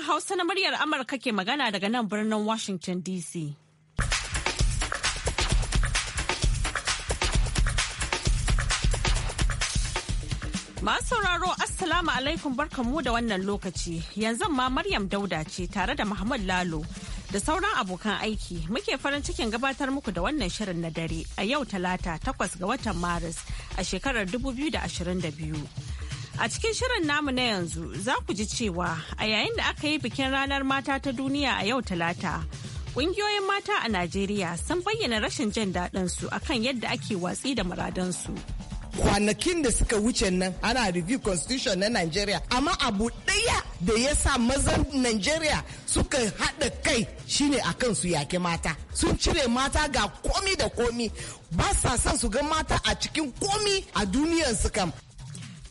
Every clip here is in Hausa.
Sashen Hausa na muryar Amurka ke magana daga nan birnin Washington DC. Masu sauraro Assalamu alaikum barkamu da wannan lokaci yanzu ma Maryam Dauda ce tare da Muhammad Lalo da sauran abokan aiki muke farin cikin gabatar muku da wannan shirin na dare a yau talata 8 ga watan Maris a shekarar 2022. A cikin shirin namu na yanzu za ku ji cewa a yayin da aka yi bikin ranar mata ta duniya a yau talata. Ƙungiyoyin mata a Najeriya sun bayyana rashin jin daɗinsu a kan yadda ake watsi da muradansu. kwanakin da suka wuce nan ana review constitution na Nigeria amma abu ɗaya da ya sa mazan Nigeria suka haɗa kai shine a kan su yaƙi mata sun cire mata ga komi da komi ba sa son su ga mata a cikin komi a duniyar su kam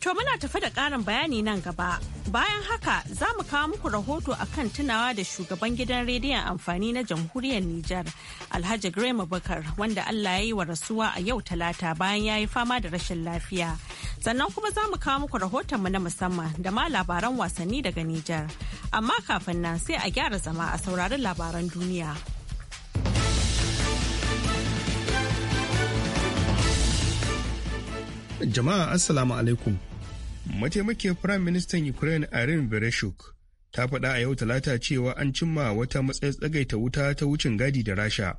To muna tafi da ƙarin bayani nan gaba. Bayan haka za mu kawo muku rahoto akan tunawa da shugaban gidan rediyon amfani na jamhuriyar Nijar, Alhaji Grema Bakar, wanda Allah ya yi wa rasuwa a yau talata bayan ya yi fama da rashin lafiya. Sannan kuma za mu kawo muku rahotonmu na musamman da ma labaran wasanni daga Nijar. Amma kafin nan sai a gyara zama a sauraron labaran duniya. Jama'a Assalamu alaikum. mataimakiyar firayim ministan ukraine irene bereshuk ta faɗa a yau talata cewa an cimma wata matsayin tsagaita wuta ta wucin gadi da rasha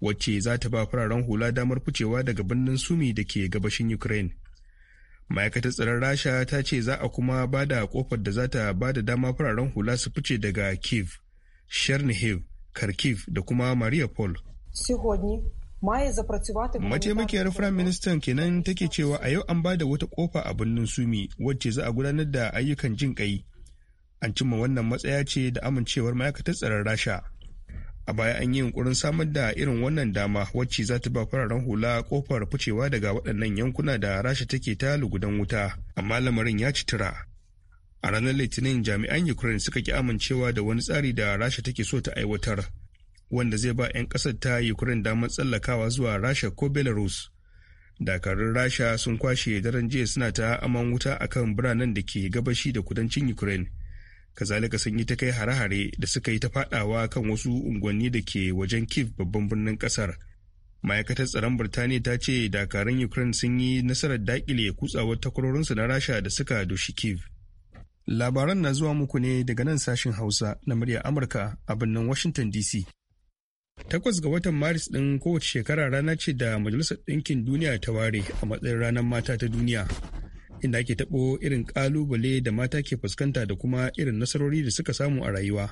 wacce za ta ba fararen hula damar ficewa daga birnin sumi da ke gabashin ukraine ma'aikatar tsaron rasha ta ce za a kuma ba da kofar da za ta ba da dama fararen hula su fice daga kiev chernihiv kharkiv da kuma mariupol mataimakiyar firayim ministan kenan take cewa a yau an ba da wata kofa a birnin sumi wacce za a gudanar da ayyukan jin kai an cimma wannan matsaya ce da amincewar ma'aikatar tsaron rasha a baya an yi yunkurin samar da irin wannan dama wacce za ta ba fararen hula kofar ficewa daga waɗannan yankuna da rasha take ta lugudan wuta amma lamarin ya ci tura a ranar litinin jami'an ukraine suka ki amincewa da wani tsari da rasha take so ta aiwatar wanda zai ba 'yan ƙasar ta ukraine damar tsallakawa zuwa rasha ko belarus dakarun rasha sun kwashe daren jiya suna ta aman wuta akan biranen da ke gabashi da kudancin ukraine kazalika sun yi ta kai hare-hare da suka yi ta fadawa kan wasu unguwanni da ke wajen kiv babban birnin kasar ma'aikatar tsaron birtaniya ta ce dakarun ukraine sun yi nasarar dakile kutsawar takwarorinsu na rasha da suka doshi kiv labaran na zuwa muku ne daga nan sashen hausa na murya amurka a birnin washington dc takwas ga watan maris ɗin kowace shekara rana ce da majalisar ɗinkin duniya ta ware a matsayin ranar mata ta duniya inda ake taɓo irin ƙalubale da mata ke fuskanta da kuma irin nasarori da suka samu a rayuwa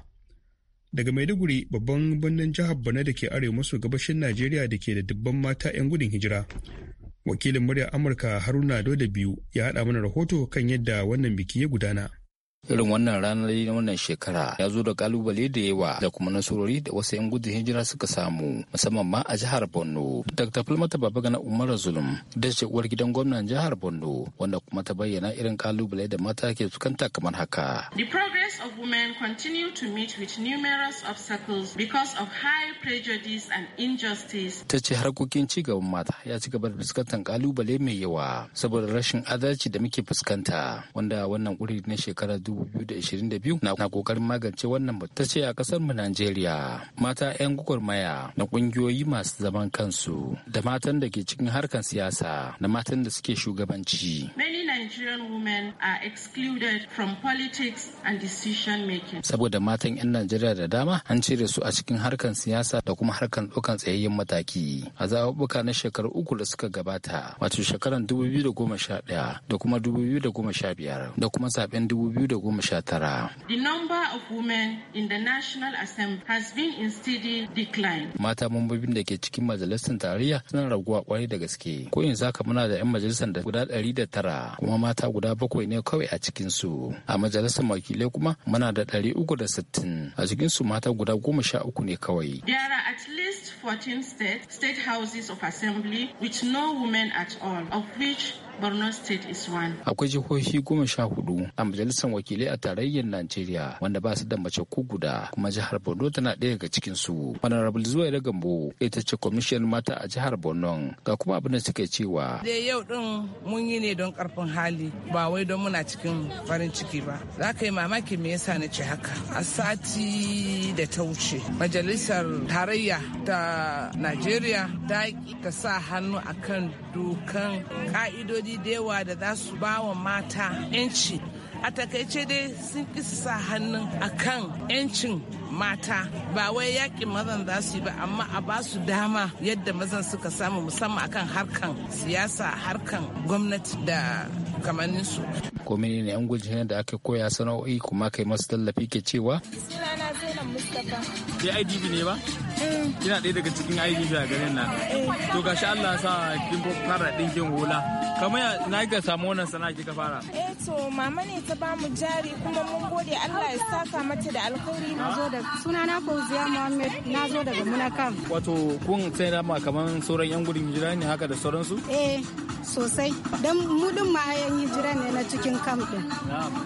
daga maiduguri babban birnin jihar bana da ke arewa maso gabashin najeriya da ke da dubban mata 'yan gudun hijira wakilin muryar amurka haruna doda biyu ya haɗa mana rahoto kan yadda wannan biki ya gudana Irin wannan ranar na wannan shekara ya zo da kalubale da yawa da kuma nasarori da wasu 'yan gudun hijira suka samu musamman ma a jihar Borno. Dr. babaga na Umar Zulum da ce uwar gidan gwamnan jihar Borno wanda kuma ta bayyana irin kalubale da mata ke fuskanta kamar haka. The progress of women continue to meet with numerous obstacles because of high prejudice and injustice. Ta ce harkokin ci gaban mata ya ci gaba da fuskantar kalubale mai yawa saboda rashin adalci da muke fuskanta wanda wannan ƙuri na shekarar 2022 na kokarin magance wannan Ta ce a kasar mu Najeriya mata 'yan gwagwarmaya na kungiyoyi masu zaman kansu da matan da ke cikin harkar siyasa da matan da suke shugabanci. Many Nigerian women are excluded from politics and decision making. Saboda matan 'yan Najeriya da dama an cire su a cikin harkar siyasa da kuma harkar tsokan tsayayyen mataki a zaɓuɓɓuka na shekaru uku da suka gabata wato shekaran 2011 da kuma 2015 da kuma zaben 2019 2019. The number of women in the National Assembly has been in steady decline. Mata mambobin da ke cikin majalisar tarayya suna raguwa kwarai da gaske. Ko yanzu haka muna da 'yan majalisar da guda 109 kuma mata guda bakwai ne kawai a cikin su. A majalisar wakilai kuma muna da ɗari uku da 360 a cikinsu mata guda goma sha uku ne kawai. There are at least 14 state, state houses of assembly with no women at all, of which Borno State is one. Akwai jihohi goma sha hudu a majalisar wakilai a tarayyar Najeriya wanda ba su da mace ko guda kuma jihar Borno tana ɗaya daga cikin su. Honorable da Gambo ita ce commission mata a jihar Borno ga kuma abin da suke cewa. Da yau din mun yi ne don karfin hali ba wai don muna cikin farin ciki ba. Za ka yi mamaki me yasa na ce haka. A sati da ta wuce majalisar tarayya ta Najeriya ta ta sa hannu akan dokan ka'idoji shawarwari da yawa da za su ba wa mata 'yanci a takaice dai sun kisa hannun akan 'yancin mata ba wai yakin mazan za su yi ba amma a ba su dama yadda mazan suka samu musamman akan harkan siyasa harkan gwamnati da kamanninsu. komai ne yan gujin da aka koya sana'o'i kuma kai masu tallafi ke cewa sunana zainab mustapha kina ɗaya daga cikin aiki a garin nan to shi Allah sa kin fara ɗinkin hula kamar ya na ga samu wannan sana'a kika fara eh to mama ne ta ba mu jari kuma mun gode Allah ya saka mata da alkhairi na zo da suna na Fauziya Muhammad na zo daga Munakam wato kun sai da ma kamar sauran yan gudun hijira ne haka da sauransu eh sosai don mu din ma yan hijira ne na cikin kam din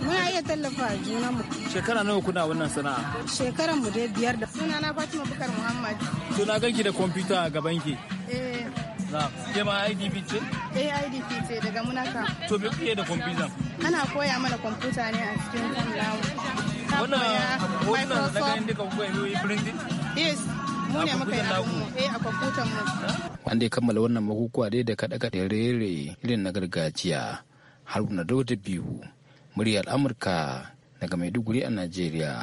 muna iya tallafa junan mu shekara nawa kuna wannan sana'a shekaran mu dai biyar da suna na Fatima Bukar Muhammad Muhammad. To na ganki da kwamfuta a gaban ki. Eh. Na, ke ma IDP ce? Eh IDP ce daga Munaka. To me kuke da kwamfuta? Ana koya mana kwamfuta ne a cikin kan namu. Wannan wannan daga inda ka koya yi printing? Yes. Mu ne muka yi mu eh a kwamfutan mu. Wanda ya kammala wannan mahukuwa dai da kaɗa kaɗe rere irin na gargajiya. Haruna Dauda biyu, muryar Amurka daga Maiduguri a Najeriya.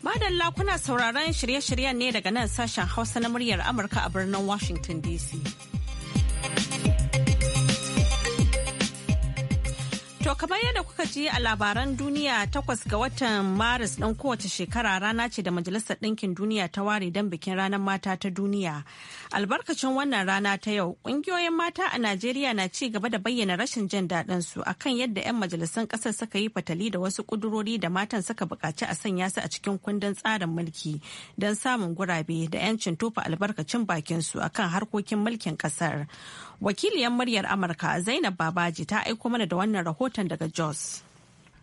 Madalla kuna sauraron shirye-shiryen ne daga nan sashen Hausa na muryar Amurka a birnin Washington DC. To kamar yadda kuka ji a labaran duniya takwas ga watan Maris ɗan kowace shekara rana ce da Majalisar Ɗinkin Duniya ta ware don bikin ranar mata ta duniya. Albarkacin wannan rana ta yau, ƙungiyoyin mata a Najeriya na ci gaba da bayyana rashin jin daɗin su akan yadda 'yan majalisan ƙasar suka yi fatali da wasu ƙudurori da matan suka buƙaci a sanya su a cikin kundin tsarin mulki don samun gurabe da 'yancin tofa albarkacin bakin su akan harkokin mulkin ƙasar. Wakiliyar muryar Amurka Zainab Babaji ta aiko mana da wannan rahoton daga Jos.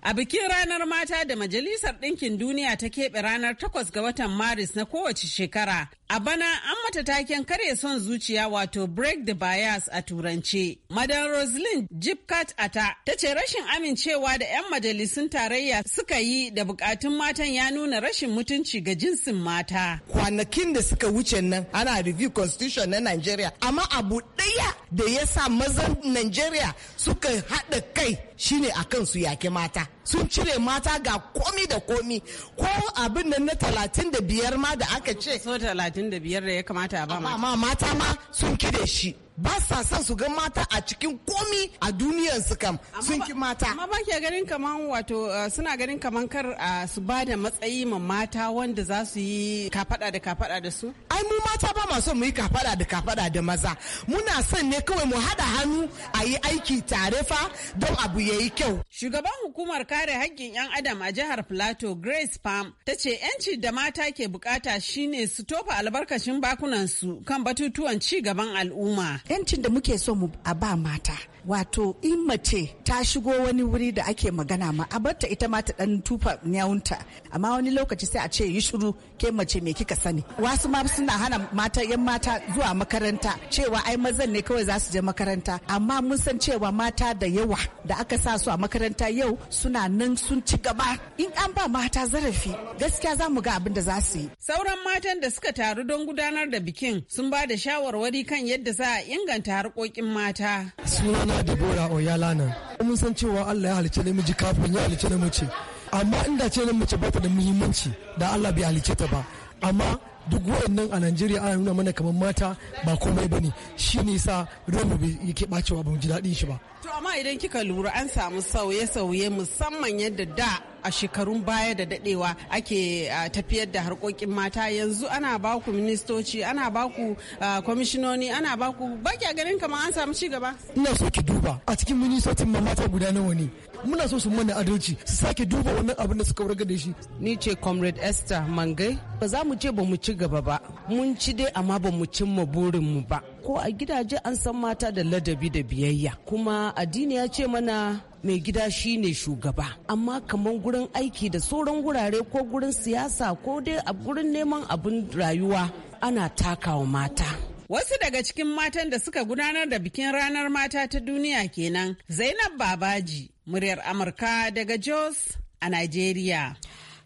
A bikin ranar mata da Majalisar Ɗinkin Duniya ta keɓe ranar 8 ga watan Maris na kowace shekara, A bana an mata taken karya son zuciya wato break the bias a turance. Madan Roslyn Jipkat Ata ta ce rashin amincewa da 'yan majalisun tarayya suka yi da bukatun matan ya nuna rashin mutunci ga jinsin mata. Kwanakin da suka wuce nan ana review constitution na Nigeria amma abu ɗaya da ya sa mazan Nigeria suka haɗa kai shine akan su yake mata. sun cire mata ga komi da komi ko abin nan na talatin da biyar ma da aka ce so talatin da biyar da ya kamata a ba mata mata ma sun kide shi ba sa son su ga mata a cikin komi a duniyar su kam sun ki mata amma ba ke ganin kaman wato eh, suna ganin kaman kar eh, su ba da matsayi ma mata wanda za su yi kafada da kafada da su ai mu mata ba ma mu yi kafada da kafada da maza muna son ne kawai mu hada hannu a yi aiki tare fa don abu yayi kyau shugaban hukumar kare haƙƙin yan adam a jihar plateau grace pam ta ce yanci da mata ke bukata shine su tofa albarkacin bakunan su kan batutuwan ci gaban al'umma yancin da muke so mu a ba mata wato in mace ta shigo wani wuri da ake magana ma a barta ita ma ta dan tufa nyawunta amma wani lokaci sai a ce yi shiru ke mace me kika sani wasu ma suna hana mata yan mata zuwa makaranta cewa ai mazan ne kawai za su je makaranta amma mun san cewa mata da yawa da aka sa su a makaranta yau suna nan sun ci gaba in an ba mata zarafi gaskiya za mu ga abin da za su yi sauran matan da suka taru don gudanar da bikin sun ba da shawarwari kan yadda za a inganta harkokin mata. Sunana bora Oyalana. Mun san cewa Allah ya halicci namiji kafin ya halicci namace. Amma inda ce namace ba ta da muhimmanci da Allah bai halicce ta ba. Amma duk waɗannan a Najeriya ana nuna mana kamar mata ba komai ba ne shi ne sa ranmu yake ɓacewa ba mu ji daɗin shi ba. To amma idan kika lura an samu sauye-sauye musamman yadda da a shekarun baya da dadewa ake tafiyar da harkokin mata yanzu ana baku ministoci ana baku kwamishinoni ana baku baki a ganin kamar an samu cigaba ina so ki duba a cikin ministocin mata guda nawa ne muna so su mana adalci su sake duba wannan abin da suka wurga da shi ni ce comrade esther mangai ba za mu ce ba mu ci gaba ba mun ci dai amma ba mu cimma burin mu ba ko a gidaje an san mata da ladabi da biyayya kuma addini ya ce mana mai gida shine shugaba amma kamar gurin aiki da sauran wurare ko gurin siyasa ko dai a gurin neman abin rayuwa ana takawa mata Wasu daga cikin matan da suka gudanar da bikin ranar mata ta duniya kenan Zainab Babaji, muryar Amurka daga Jos a Nigeria.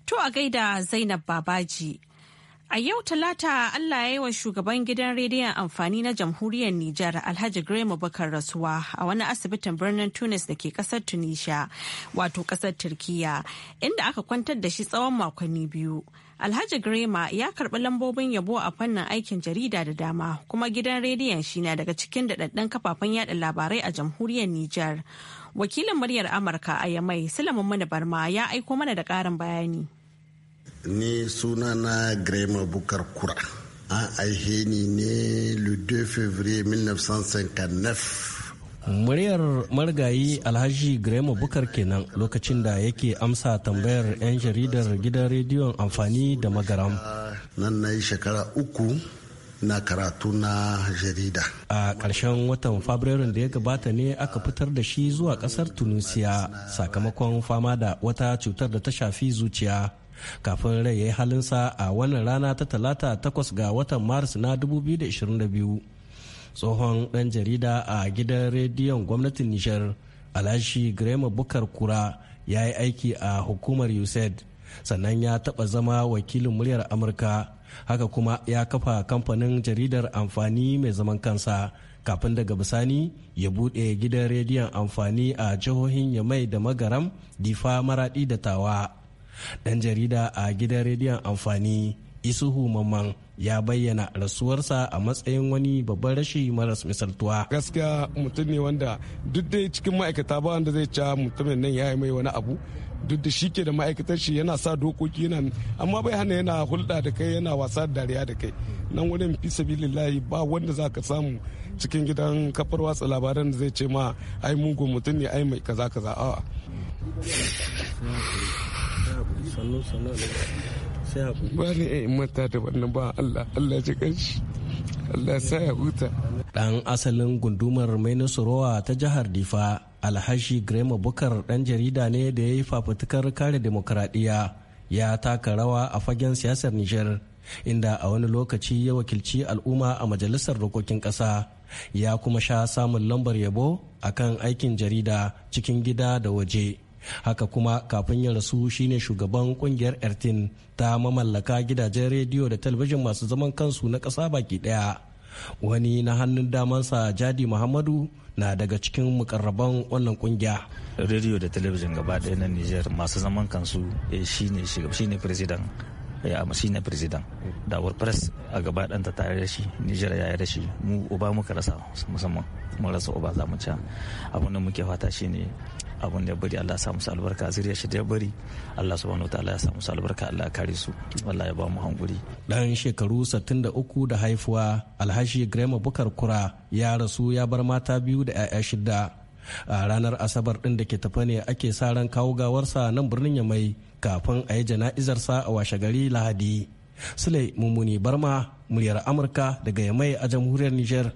To a gaida Zainab Babaji. A yau Talata Allah ya yi wa shugaban gidan rediyon amfani na jamhuriyar Nijar Alhaji Grema Bakar rasuwa a wani asibitin birnin Tunis da ke kasar Tunisia wato kasar Turkiya inda aka kwantar da shi tsawon makonni biyu. Alhaji Grema ya karbi lambobin yabo a fannin aikin jarida da dama kuma gidan rediyon shi na daga cikin daɗaɗɗen kafafen yaɗa labarai a jamhuriyar Nijar. Wakilin muryar Amurka a Yamai Sulaiman Mana Barma ya aiko mana da ƙarin bayani. ni suna na grema bukar kura an aihe ni ne le 2 février 1959 muryar marigayi alhaji grema bukar kenan lokacin da yake amsa tambayar 'yan jaridar gidan rediyon amfani da magaram nan na yi shekara uku na karatu na jarida. A ƙarshen watan Fabrairun da ya gabata ne aka fitar da shi zuwa ƙasar Tunisia sakamakon fama da wata cutar da ta shafi zuciya. kafin rai ya yi halinsa a wannan rana ta talata takwas ga watan maris na 2022 tsohon ɗan jarida a gidan rediyon gwamnatin nishar alhashi grema bukar kura ya yi aiki a hukumar usaid sannan ya taɓa zama wakilin muryar amurka haka kuma ya kafa kamfanin jaridar amfani mai zaman kansa kafin daga bisani ya buɗe gidan rediyon amfani a jihohin yamai da magaram difa maradi da tawa dan jarida a gidan rediyon amfani isuhu mamman ya bayyana rasuwarsa a matsayin wani babban rashi maras misaltuwa gaskiya mutum ne wanda duk dai cikin ma'aikata ba wanda zai ca ah, mutumin nan ya yi mai wani abu duk da shi ke da ma'aikatar shi yana sa dokoki yana amma bai hana yana hulɗa da kai yana wasa da dariya da kai nan wurin fi sabilillahi ba wanda za ka samu cikin gidan kafar watsa labaran da zai ce ma ai mugun mutum ne ai mai kaza kaza a'a sannu dan asalin gundumar mai nasarowa ta jihar Difa Alhaji Grema Bukar dan jarida ne da ya yi fafutukar kare demokradiyya ya taka rawa a fagen siyasar Nijar inda a wani lokaci ya wakilci al'umma a majalisar dokokin ƙasa ya kuma sha samun lambar yabo akan aikin jarida cikin gida da waje haka kuma kafin ya rasu shine shugaban kungiyar ertin ta mamallaka gidajen rediyo da talabijin masu zaman kansu na ƙasa baki ɗaya wani na hannun damansa jadi muhammadu na daga cikin mukarraban wannan kungiya rediyo da talabijin gaba ɗaya na niger masu zaman kansu eh, shine shine president ya mashi na president da wordpress a gaba ɗanta tare da shi nijar ya yi da shi mu uba muka rasa musamman mun rasa uba za mu ci abin da muke fata shine abin da ya bari Allah ya samu albarka zuriya shi da ya bari Allah subhanahu wataala ya samu albarka Allah ya kare su wallahi ya ba mu hankuri dan shekaru 63 da haifuwa Alhaji Grema Bukar Kura ya rasu ya bar mata biyu da 'ya'ya shida a ranar asabar din da ke tafa ne ake sa ran kawo gawarsa nan birnin Yamai kafin a yi jana'izarsa a washe gari lahadi sule mummuni barma muryar amurka daga yamai a jamhuriyar niger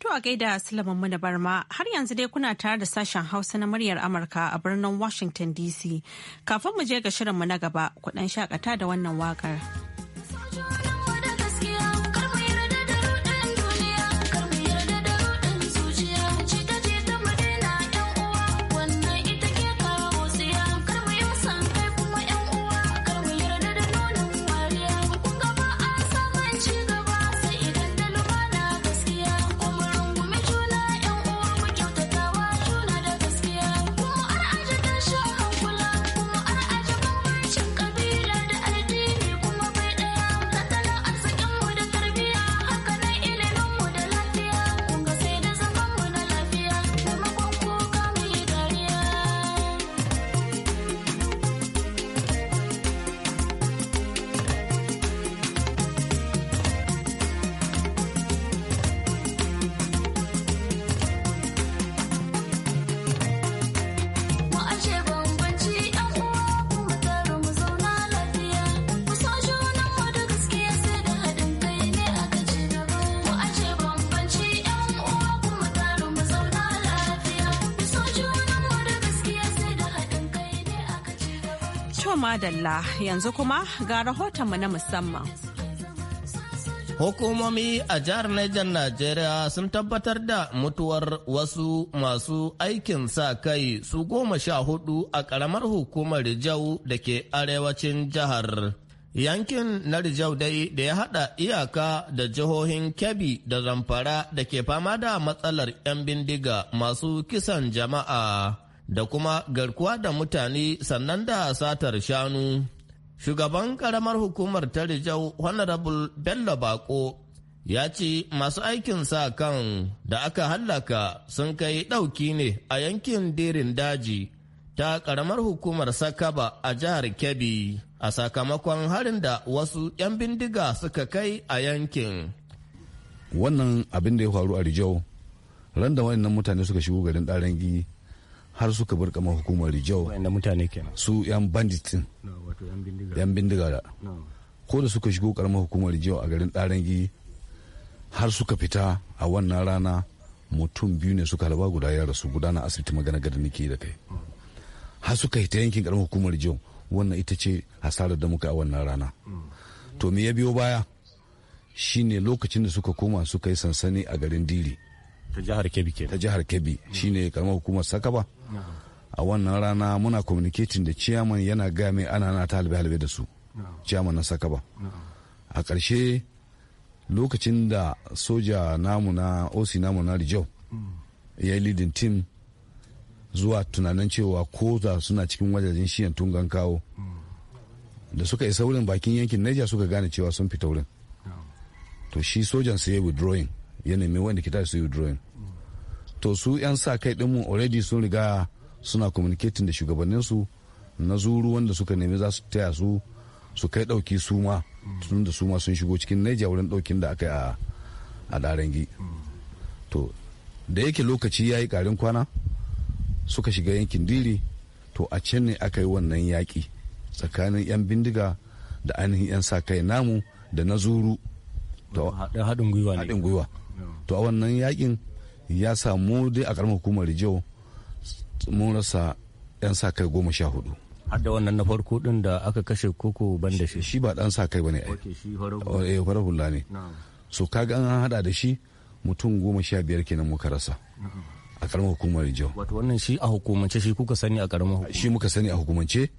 To a gaida Sulaiman da Barma har yanzu dai kuna tare da sashen Hausa na muryar Amurka a birnin Washington DC. Kafin mu je ga shirin mu na gaba, kuɗan shakata da wannan waƙar. To madalla yanzu kuma ga rahotonmu na musamman. Hukumomi a jihar Niger Najeriya sun tabbatar da mutuwar wasu masu aikin sa kai su goma sha hudu a ƙaramar hukumar Rijau da ke arewacin jihar. Yankin na Rijau dai da ya haɗa iyaka da jihohin Kebbi da Zamfara da ke fama da matsalar 'yan bindiga masu kisan jama'a. da kuma garkuwa da mutane sannan da satar shanu. Shugaban karamar hukumar ta Rijau Honorable Bello Bako ya ce masu aikin sa kan da aka hallaka sun kai ɗauki ne a yankin derin daji ta karamar hukumar Sakaba a jihar Kebbi a sakamakon harin da wasu 'yan bindiga suka kai a yankin. Wannan abin da ya faru a Rijau, ran da mutane suka shigo garin ɗarangi har suka bar kamar hukumar rijau su yan bandit yan bindiga da ko da suka shigo karamar hukumar rijau a garin darangi har suka fita a wannan rana mutum biyu ne suka halaba guda ya rasu guda na asibiti magana gada nake da kai har suka hita yankin karamar hukumar rijau wannan ita ce hasarar da muka a wannan rana to me ya biyo baya shine lokacin da suka koma suka yi sansani a garin diri ta jihar kebbi ke ta jihar kebbi shine karamar hukumar sakaba a wannan rana muna communicating da chairman yana game ana na ta halbe halbe da su chairman na sakaba a ƙarshe lokacin da soja namu na osi namu na rijau hmm. ya yi leading team zuwa tunanin cewa ko suna cikin wajajen shiyan tungan kawo hmm. da suka isa wurin bakin yankin naija suka gane cewa sun fita wurin to shi sojan sai ya withdrawing ya nemi wanda kita su yi drawing to su 'yan sa kai mu already sun riga suna communicating da shugabanninsu na zuru wanda suka nemi za su taya su su kai dauki su ma tun da su ma sun shigo cikin naija wurin daukin da aka yi a darangi to da yake lokaci ya yi ƙarin kwana suka shiga yankin diri to a can ne aka yi wannan yaki tsakanin 'yan bindiga da ainihin 'yan sa kai namu da na zuru haɗin gwiwa to a wannan yakin ya samu dai a karamar hukumar rijiyo mun rasa 'yan sa kai goma sha hudu hadda wannan na farko din da aka kashe koko ban da shi shi ba dan sa kai bane ai eh, farar hula ne so kaga an hada da shi mutum goma sha biyar kenan muka rasa a karamar hukumar rijiyo wato wannan shi a hukumance shi kuka sani a karamar hukumar shi muka sani a hukumance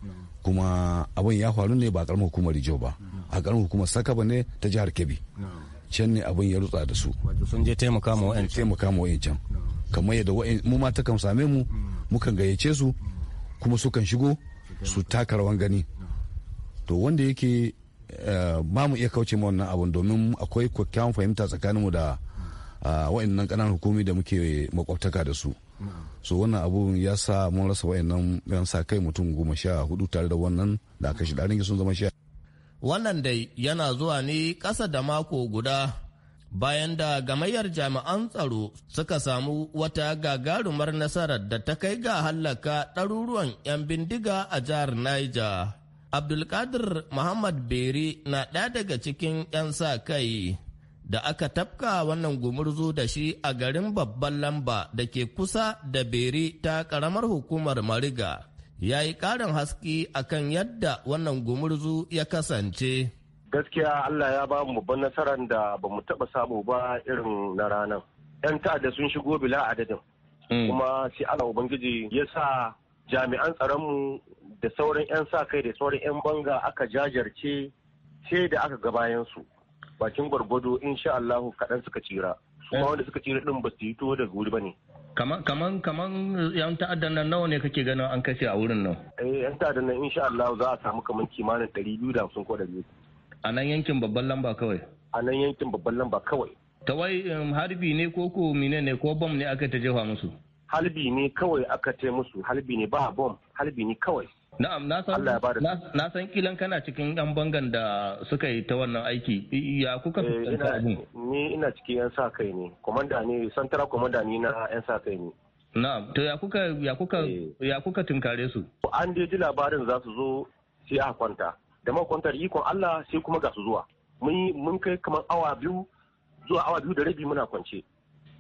kuma abin ya faru ne ba a karamar hukumar rijiyo ba a karamar hukumar sakaba ne ta jihar kebbi can ne abin ya rutsa da su sun je taimaka ma wa'ancan taimaka ma can kamar yadda mu ma kan same mu mm. mukan gayyace su mm. kuma su kan shigo su taka rawan gani to wanda yake eh, ba mu iya kauce ma wannan abun domin akwai kyakkyawan fahimta mu da mm. ah, wa'annan ƙananan hukumi da muke makwabtaka da su so wannan abun ya sa mun rasa wa'annan yan sa kai mutum goma sha hudu tare da wannan da aka shi da sun zama sha Wannan dai yana zuwa ne ƙasa da mako guda bayan da gamayyar jami'an tsaro suka samu wata gagarumar nasarar da ta kai ga hallaka ɗaruruwan 'yan bindiga a jihar Niger. Abdulkadir Muhammad Beri na ɗaya daga cikin 'yan sa kai da aka tafka wannan gumurzu da shi a garin babban lamba da ke kusa da Beri ta ƙaramar hukumar Mariga. ya yi ƙarin haske akan yadda wannan gumurzu ya kasance. Gaskiya Allah ya ba mu babban nasarar da ba mu taɓa samu ba irin na ranar. 'Yan ta'adda sun shigo bila adadin. Hmm. Kuma sai Allah Ubangiji ya sa jami'an tsaronmu da sauran 'yan sa kai da sauran 'yan banga aka jajarce sai da aka gabayansu. Bakin gwargwado insha Allahu kaɗan suka tsira. Kuma hmm. wanda suka tsira ɗin ba su yi tuwo daga wuri ba ne. kaman kaman yan ta'addan nan nawa ne kake ganin an kashe a wurin nan eh yan ta'addan nan insha Allah za a samu kaman kimanin 250 ko da a nan yankin babban lamba kawai a nan yankin babban lamba kawai ta wai um, harbi ne ko ko mine ne ko bom ne aka ta jefa musu harbi ne kawai aka ce musu harbi ne ba bom harbi ne kawai Na'am, na san kilan kana cikin yan bangan da suka yi ta wannan aiki. Ya kuka eh, Ni ina cikin yan sa kai ne. Komanda ne, santara komanda ne na yan sa kai ne. Na'am, to ya kuka eh. tunkare su? An dai ji labarin za su zo sai a kwanta. Da ma kwantar ikon Allah sai kuma ga su zuwa. Mun mun kai kamar awa biyu zuwa awa biyu da rabi muna kwance.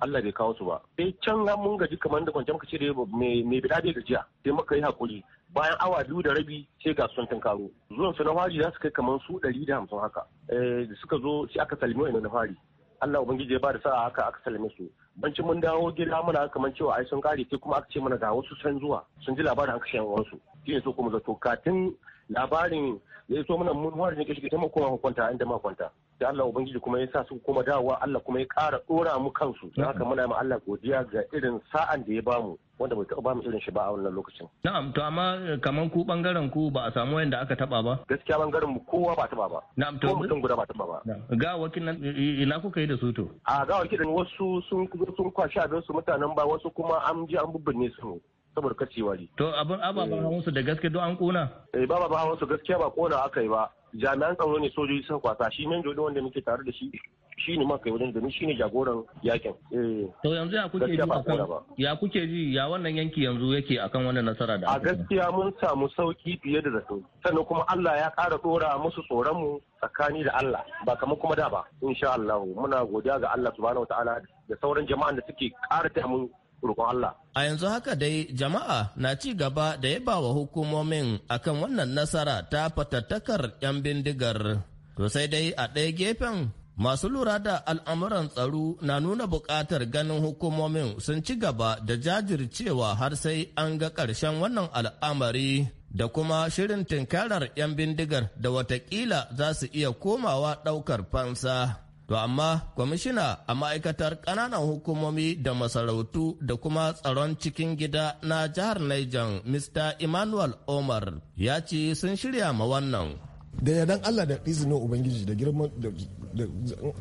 Allah bai kawo su ba sai can an mun gaji kamar da kwanciyar muka cire mai mai bida bai gajiya sai muka yi hakuri bayan awa biyu da rabi sai ga sun tunkaro zuwan su na fari za su kai kamar su ɗari da hamsin haka eh, da suka zo sai aka salmi ina na fari Allah ubangiji ya ba da sa'a haka aka salmi su bancin mun dawo gida muna kamar cewa ai sun kare sai kuma aka ce mana ga wasu san zuwa sun ji labarin an kashe wasu shine so kuma zato katin labarin ya iso mana mun fara ne kashi ta makon kwanta inda ma kwanta da Allah ubangiji kuma ya sa su kuma dawowa Allah kuma ya ƙara ɗora mu kansu don haka muna ma Allah godiya ga irin sa'an da ya bamu wanda bai taɓa bamu irin shi ba a wannan lokacin na'am to amma kaman ku bangaren ku ba a samu wanda aka taɓa ba gaskiya bangaren mu kowa ba taɓa ba na'am to mutum guda ba taɓa ba ga wakin nan ina kuka yi da su to a ga wakin wasu sun sun kwashi abin su mutanen ba wasu kuma an ji an bubbinne su saboda ne. to abin ababen hawan su da gaske don an kona eh ba ba hawan su gaskiya ba kona aka yi ba jami'an tsaro ne sojoji sun kwasa shi men jodin wanda muke tare da shi shi ne kai wajen domin shi ne jagoran yakin. Eh. To yanzu ya kuke ji akan ya kuke ji ya wannan yanki yanzu yake akan wannan nasara da. A gaskiya mun samu sauki fiye da zato sannan kuma Allah ya ƙara ɗora musu tsoron mu tsakani da Allah ba kamar kuma da ba insha Allah muna godiya ga Allah subhanahu wataala da sauran jama'an da suke ƙara ta mu roƙon Allah. A yanzu haka dai jama'a na ci gaba da yaba wa hukumomin akan wannan nasara ta fatattakar 'yan bindigar. To sai dai a ɗaya gefen masu lura da al'amuran tsaro na nuna buƙatar ganin hukumomin sun ci gaba da jajircewa har sai an ga ƙarshen wannan al'amari da kuma shirin tinkarar 'yan bindigar da watakila za su iya komawa ɗaukar fansa. To amma kwamishina a ma'aikatar ƙananan hukumomi da masarautu da kuma tsaron cikin gida na jihar Niger Mr. Emmanuel Omar ya ce sun shirya ma wannan. Da yadan Allah da izinin Ubangiji da girman da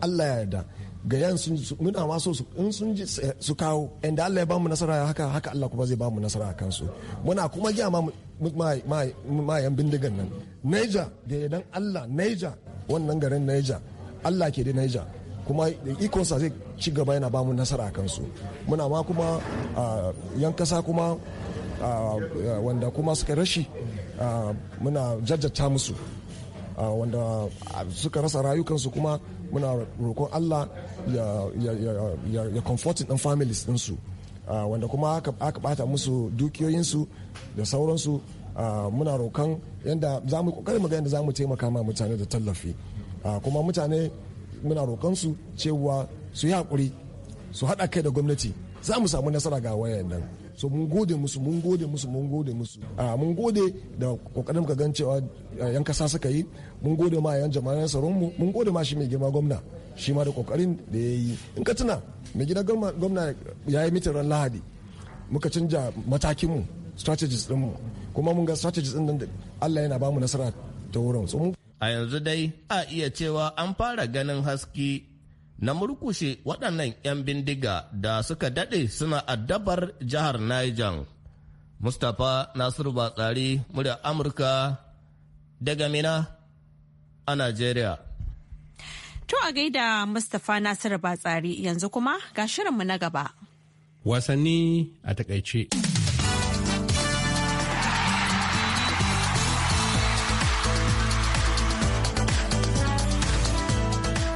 Allah ya yarda ga yan sun muna maso in sun ji su kawo inda Allah ya bamu nasara haka haka Allah kuma zai bamu nasara a kansu muna kuma giya ma ma yan bindigan nan Niger da yadan Allah Niger wannan garin Niger allah ke da niger kuma ikonsa zai ci gaba yana bamu nasara a kansu muna ma kuma yan kasa kuma wanda kuma suka rashi muna jajjata musu wanda suka rasa rayukansu kuma muna roƙon allah ya comforting ɗin families ɗinsu wanda kuma aka ɓata musu dukiyoyinsu da sauransu muna roƙon yadda za mu yi mu yadda za mu taimaka ma mutane da tallafi kuma mutane muna su cewa su yi haƙuri su haɗa kai da gwamnati za mu samu nasara ga wayan nan so mun gode musu mun gode musu mun gode musu a mun gode da kokarin ka gan cewa yan kasa suka yi mun gode ma yan jama'an tsaron mu mun gode ma shi mai girma gwamna shi ma da kokarin da ya yi in ka tuna mai gida gwamna ya yi mitin ran lahadi muka canja matakin mu strategies din mu kuma mun ga strategies din nan Allah yana ba mu nasara ta wurin so a yanzu dai a iya cewa an fara ganin haski na murkushe waɗannan 'yan bindiga da suka daɗe suna addabar jihar Niger. Mustapha Nasiru Batsari, murya Amurka daga Mina a Najeriya. To a gaida Mustapha Nasiru Batsari yanzu kuma ga shirinmu na gaba. Wasanni a takaice.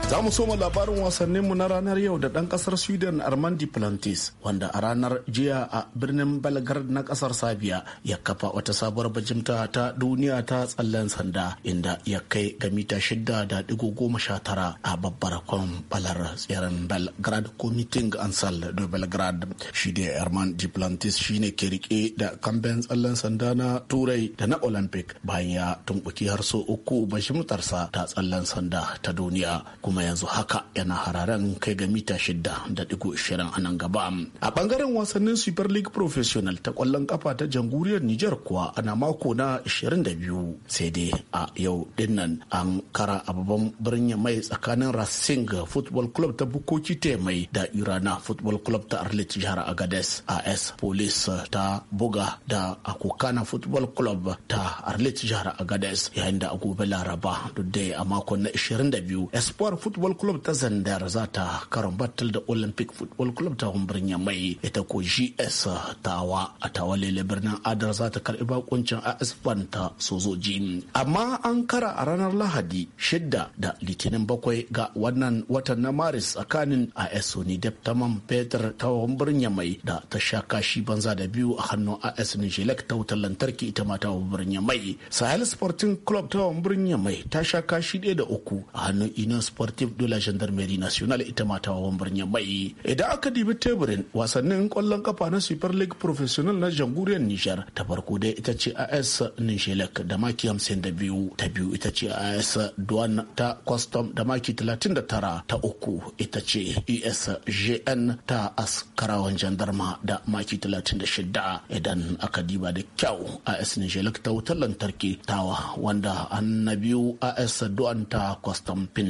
Za mu soma labarin wasanninmu na ranar yau da ɗan ƙasar Sweden Armandi Plantis, wanda a ranar jiya a birnin Belgrade na ƙasar Sabiya ya kafa wata sabuwar bajimta ta duniya ta tsallen sanda inda ya kai ga mita shida da ɗigo goma sha tara a babbar balar tseren Belgrade komiting Ansal da Belgrade. Shi da Armandi Plantis shi ne ke rike da kamben tsallen sanda na Turai da na Olympic bayan ya tumɓuki har so uku bajimtarsa ta tsallen sanda ta duniya. kuma yanzu haka yana hararen kai ga mita shida da digo ishirin a nan gaba a bangaren wasannin super league professional ta kwallon kafa ta janguriyar nijar kuwa ana mako na 22 sai dai a yau dinnan an kara a babban birnin mai tsakanin racing football club ta bukoki ta mai da irana football club ta arlit jihar agades as police ta buga da akokana football club ta arlit jihar agades yayin da a gobe laraba duk dai a makon na 22 espoir football club ta zandar za ta karon battle da olympic football club ta birnin yamai ita ko gs tawa a tawa lele birnin adar za ta karbi bakuncin as ta sojoji amma an kara a ranar lahadi shidda da litinin bakwai ga wannan watan na maris tsakanin as sonidep ta man peter ta birnin yamai da ta sha kashi banza da biyu a hannun as nijelek ta wutar lantarki ita ma ta birnin yamai sahel sporting club ta birnin yamai ta sha kashi ɗaya da uku a hannun ina sport sportif de la gendarmerie nationale ita ma ta wawan birnin mai idan aka dibi teburin wasannin kwallon kafa na super league professional na jamhuriyar nijar ta farko dai ita ce as nishelek da maki 52 ta biyu ita ce as duwan ta custom da maki 39 ta uku ita ce esgn ta askarawan jandarma da maki 36 idan aka diba da kyau as nishelek ta wutar lantarki tawa wanda an na biyu as duwan ta custom fin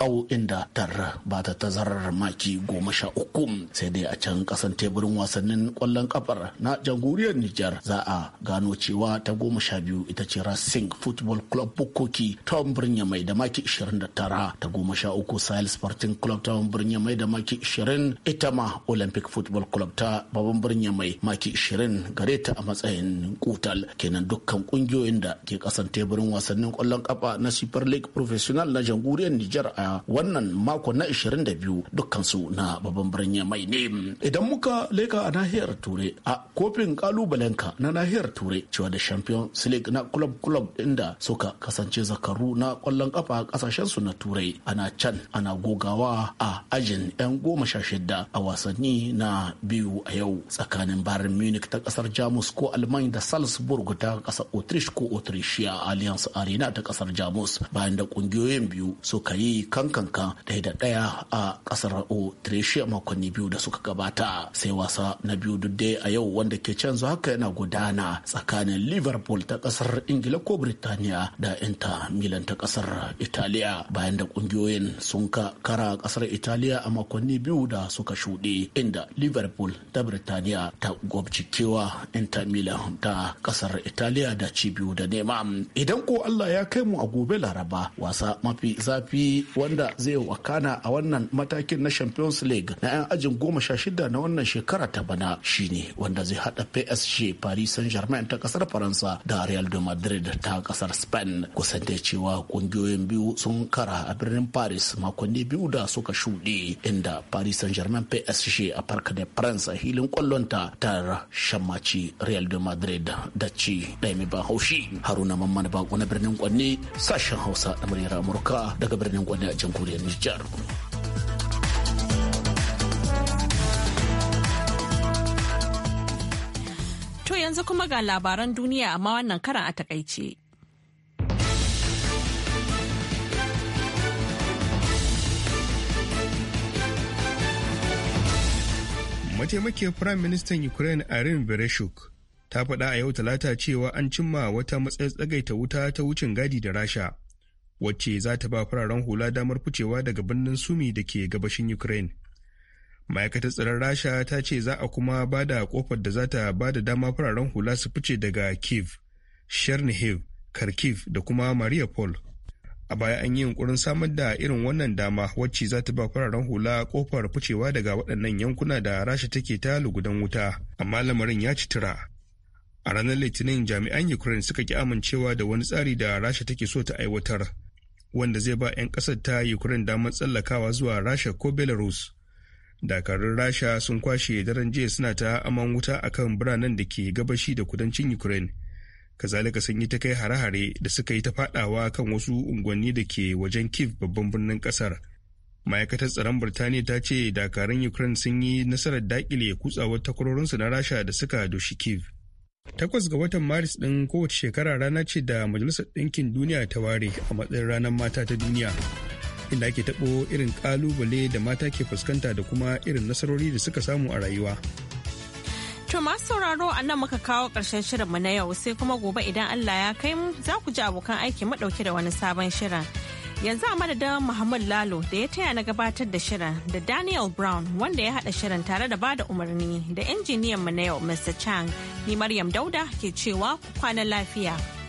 kau inda tar ba ta tazarar maki goma sha uku sai dai a can kasan teburin wasannin kwallon kafar na jamhuriyar Nijar za a gano cewa ta goma sha biyu ita ce Racing Football Club Bukoki Tom Birnya mai da maki 29 ta goma sha uku Sahel Sporting Club Tom Birnya mai da maki 20 ita ma Olympic Football Club ta babban Birnya mai maki 20 gare ta a matsayin kutal kenan dukkan kungiyoyin da ke kasan teburin wasannin kwallon kafa na Super League Professional na jamhuriyar Nijar a wannan mako na 22 dukkansu na babban birnin mai ne idan muka leka a nahiyar ture a kofin kalubalenka na nahiyar ture cewa da champion league na club club inda suka kasance zakaru na kwallon kafa kasashen su na turai ana can ana gogawa a ajin yan goma sha shida a wasanni na biyu a yau tsakanin bayern munich ta kasar jamus ko alman da salzburg ta kasar autrish ko otrishia alliance arena ta kasar jamus bayan da kungiyoyin biyu suka yi kankanka ɗaya da ɗaya a ƙasar Croatia makonni biyu da suka gabata sai wasa na biyu duk dai a yau wanda ke canza haka yana gudana tsakanin Liverpool ta ƙasar Ingila ko Birtaniya da Inter Milan ta ƙasar Italiya bayan da ƙungiyoyin sun ka kara ƙasar Italiya a makonni biyu da suka shuɗe inda Liverpool ta Birtaniya ta kewa Inter Milan ta ƙasar Italiya da ci biyu da nema idan ko Allah ya kai mu a gobe Laraba wasa mafi zafi wani wanda zai wakana a wannan matakin na champions league na 'yan ajin goma sha shida na wannan shekara ta bana shine wanda zai hada psg paris saint germain ta kasar faransa da real de madrid ta kasar spain kusan da cewa kungiyoyin biyu sun kara a birnin paris makonni biyu da suka shuɗe inda paris saint germain psg a park de prince a hilin kwallon ta shammaci real de madrid da ci ɗaya mai ban haushi haruna mamman bako na birnin kwanne sashen hausa na muryar amurka daga birnin kwanne a koriya Nijar. To yanzu kuma ga labaran duniya amma wannan karan a takaice. mataimakiyar prime ministan ukraine irene bereshuk ta faɗa a yau talata cewa an cimma wata matsayin tsagaita wuta ta wucin gadi da rasha wacce za ta ba fararen hula damar ficewa daga birnin sumi da ke gabashin ukraine ma'aikatar tsaron rasha ta ce za a kuma ba da kofar da za ta ba da dama fararen hula su fice daga kiev chernihiv kharkiv da kuma paul a baya an yi yunkurin samar da irin wannan dama wacce za ta ba fararen hula kofar ficewa daga waɗannan yankuna da rasha take ta lugudan wuta amma lamarin ya ci tura a ranar litinin jami'an ukraine suka ki amincewa da wani tsari da rasha take so ta aiwatar wanda zai ba 'yan ƙasar ta ukraine damar tsallakawa zuwa rasha ko belarus dakarun rasha sun kwashe daren jiya suna ta aman wuta akan biranen da ke gabashi da kudancin ukraine kazalika sun yi ta kai hare-hare da suka yi ta fadawa kan wasu unguwanni da ke wajen kiv babban birnin kasar ma'aikatar tsaron birtaniya ta ce dakarun ukraine sun yi nasarar dakile kutsawar takwarorinsu na rasha da suka doshi kiv Takwas ga watan Maris ɗin kowace shekara rana ce da Majalisar Ɗinkin Duniya ta ware a matsayin ranar mata ta duniya. Inda ake taɓo irin ƙalubale da mata ke fuskanta da kuma irin nasarori da suka samu a rayuwa. To masu sauraro a nan muka kawo ƙarshen mu na yau sai kuma gobe idan Allah ya kai mu za ku ji abokan aiki mu da wani sabon shirin. yanzu a madadin Muhammad Lalo da ya taya na gabatar da shirin da Daniel Brown wanda ya haɗa shirin tare da bada umarni da injiniyan mu na yau Mr. Chang ni Maryam Dauda ke cewa kwanan lafiya.